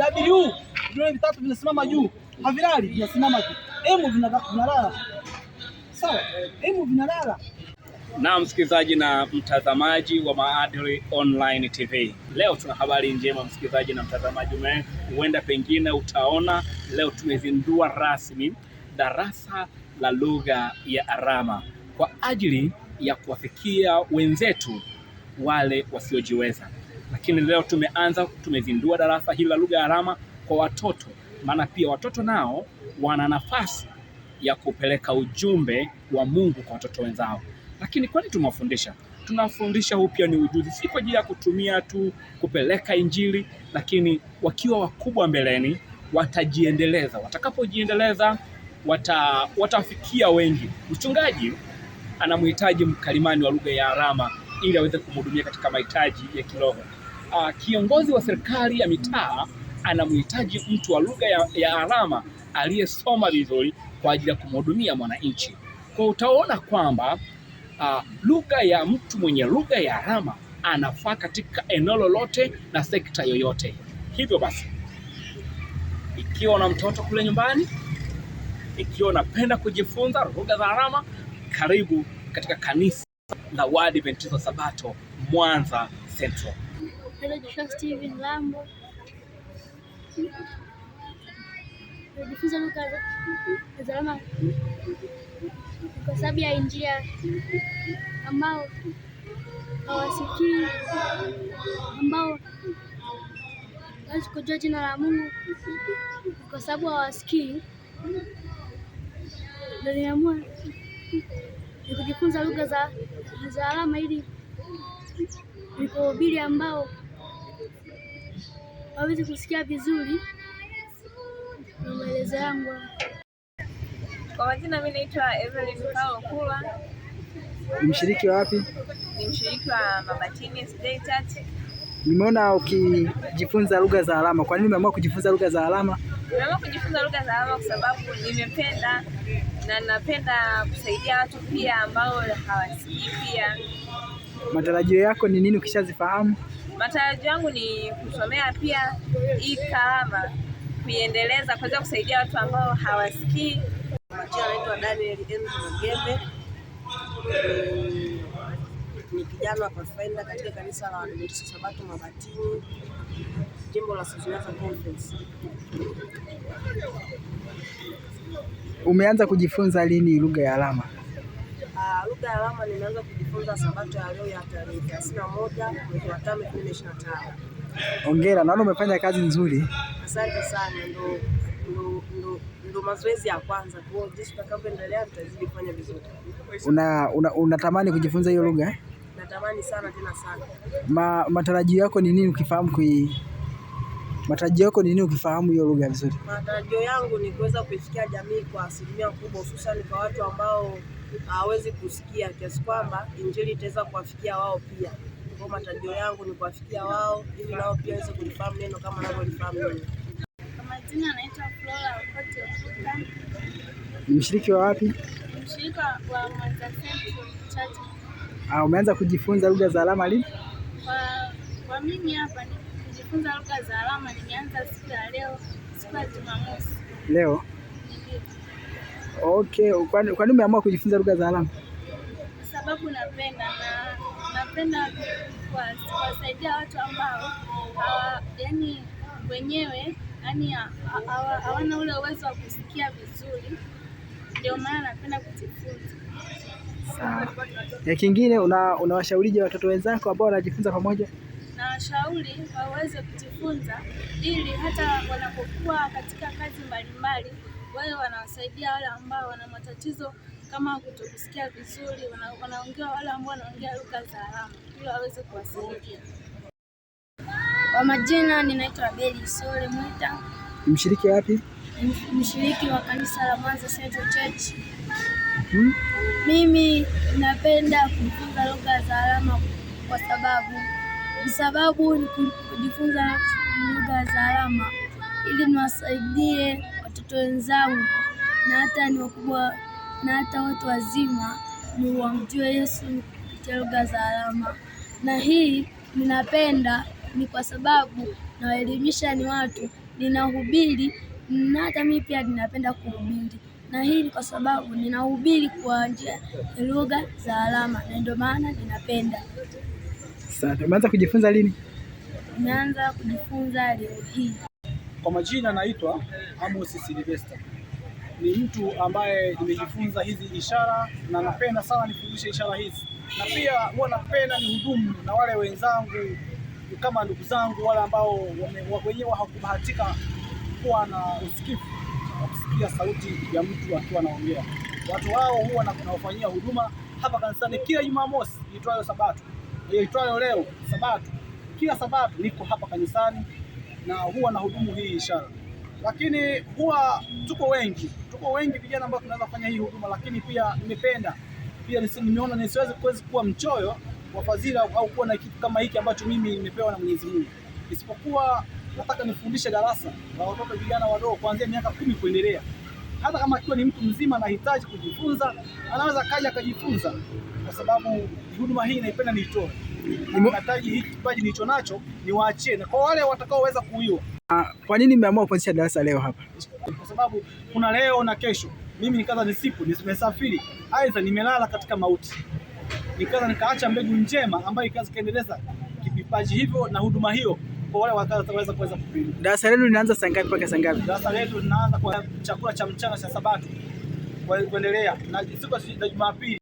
W vidole vitatu vinasimama juu, havilali, vinasimama tu. M vinalala, sawa, M vinalala. Na msikilizaji na mtazamaji wa Maadili Online TV, leo tuna habari njema msikilizaji na mtazamaji, huenda pengine utaona leo tumezindua rasmi darasa la lugha ya alama kwa ajili ya kuwafikia wenzetu wale wasiojiweza lakini leo tumeanza, tumezindua darasa hili la lugha ya alama kwa watoto, maana pia watoto nao wana nafasi ya kupeleka ujumbe wa Mungu kwa watoto wenzao. Lakini kwani tumewafundisha tunafundisha huu pia ni ujuzi, si kwa ajili ya kutumia tu kupeleka Injili, lakini wakiwa wakubwa mbeleni watajiendeleza. Watakapojiendeleza wata, watafikia wengi. Mchungaji anamhitaji mkalimani wa lugha ya alama ili aweze kumhudumia katika mahitaji ya kiroho uh, kiongozi wa serikali ya mitaa anamhitaji mtu wa lugha ya, ya alama aliyesoma vizuri kwa ajili ya kumhudumia mwananchi. Kwa utaona kwamba uh, lugha ya mtu mwenye lugha ya alama anafaa katika eneo lolote na sekta yoyote. Hivyo basi, ikiwa una mtoto kule nyumbani, ikiwa unapenda kujifunza lugha za alama, karibu katika kanisa la Waadventista Sabato Mwanza Central. Hello Joshua Steven Lambo, tunajifunza lugha za alama kwa sababu ya njia ambao hawasikii, ambao hawezi kujua jina la Mungu kwa sababu hawasikii, ndio niamua kujifunza lugha za alama ili nikuhubiri ambao waweze kusikia vizuri na maelezo yangu. Kwa majina, mimi naitwa Evelyn Paulo Kula. Ni mshiriki wa wapi? Ni mshiriki wa Mabatini Sday Nimeona ukijifunza lugha za alama. Kwa nini umeamua kujifunza lugha za alama? Nimeamua kujifunza lugha za alama kwa sababu nimependa na napenda kusaidia watu pia ambao hawasikii pia Matarajio yako ni nini ukishazifahamu? Matarajio yangu ni kusomea pia hii karama, kuiendeleza, kuweza kusaidia watu ambao hawasikii. Majina anaitwa Daniel Magembe, ni kijana wa Pathfinder katika kanisa la Waadventista Sabato Mabatini, jimbo la Sozinasa Conference. Umeanza kujifunza lini lugha ya alama? lugha ya alama nimeanza kujifunza Sabato ya leo ya tarehe thelathini na moja mwezi wa tano elfu mbili ishirini na tano. Hongera, naona umefanya kazi nzuri. Asante sana, ndo ndo mazoezi ya kwanza, kwa jinsi tutakavyoendelea tutazidi kufanya vizuri. Una, una, kujifunza hiyo lugha? Natamani sana tena sana. Ma, matarajio yako ni nini ukifahamu kui matarajio yako ni nini ukifahamu hiyo lugha vizuri? Matarajio yangu ni kuweza kuifikia jamii kwa asilimia kubwa, hususan kwa watu ambao hawawezi kusikia, kiasi kwamba injili itaweza kuwafikia wao pia. Kwa matarajio yangu ni kuwafikia wao ili nao pia waweze kulifahamu neno kama wanavyolifahamu neno. Ni mshiriki wa wapi? Mshirika wa Mwanza Central Church. Ah, umeanza kujifunza lugha za alama lini? Kwa, kwa mimi hapa kujifunza lugha za alama nimeanza siku ya leo, siku ya Jumamosi. Leo? Ndiyo. Okay, kwa nini umeamua kujifunza lugha za alama? Sababu napenda na napenda kuwasaidia watu ambao yani wenyewe yani hawana ule uwezo wa kusikia vizuri, ndio maana napenda kujifunza. Sawa. Ya kingine unawashaurije watoto wenzako ambao wanajifunza pamoja? Nawashauri waweze kujifunza ili hata wanapokuwa katika kazi mbalimbali wale wanawasaidia wale ambao wana matatizo kama kutokusikia vizuri, wanaongea wana wale ambao wanaongea lugha za alama ili waweze kuwasaidia. Kwa majina ninaitwa Abeli Sole Mwita. mshiriki wapi? Mshiriki wa kanisa la Mwanza Central Church. Hmm. Mimi napenda kujifunza lugha za alama kwa sababu sababu ni kujifunza lugha za alama ili niwasaidie watoto wenzangu na hata ni wakubwa na hata watu wazima, ni wamjue Yesu kupitia lugha za alama. Na hii ninapenda ni kwa sababu nawaelimisha ni watu, ninahubiri na hata mimi pia ninapenda kuhubiri, na hii ni kwa sababu ninahubiri kwa njia ya lugha za alama, na ndio maana ninapenda. Sasa umeanza kujifunza lini? Nimeanza kujifunza leo hii. Kwa majina naitwa Amos Silvester, ni mtu ambaye nimejifunza hizi ishara na napenda sana nifundishe ishara hizi, na pia huwa napenda ni hudumu na wale wenzangu kama ndugu zangu wale ambao wenyewe hakubahatika kuwa na usikifu wa kusikia sauti ya mtu akiwa anaongea. Watu hao huwa nawafanyia huduma hapa kanisani kila Jumamosi itwayo Sabato, itwayo leo Sabato, kila Sabato niko hapa kanisani na huwa na hudumu hii ishara, lakini huwa tuko wengi, tuko wengi vijana ambao tunaweza kufanya hii huduma, lakini pia nimependa pia nimeona nisiwezi kuwezi kuwa mchoyo wa fadhila au kuwa na kitu kama hiki ambacho mimi nimepewa na Mwenyezi Mungu, isipokuwa nataka nifundishe darasa la watoto vijana wadogo kuanzia miaka kumi kuendelea. Hata kama akiwa ni mtu mzima anahitaji kujifunza, anaweza kaja akajifunza, kwa sababu huduma hii naipenda niitoe nimekataji hiki kipaji nilicho nacho niwaachie, na kwa wale watakaoweza kuiwa. Ah, kwa nini nimeamua kuanzisha darasa leo hapa? Kwa sababu kuna leo na kesho. Mimi nikaza nisipo, nimesafiri aidha, nimelala katika mauti, nikaza nikaacha mbegu njema ambayo ikaza kaendeleza vipaji hivyo na huduma hiyo kwa wale watakaoweza kuweza kupili. Darasa lenu linaanza saa ngapi mpaka saa ngapi? Darasa letu linaanza kwa chakula cha mchana cha Sabato kuendelea na siku ya Jumapili.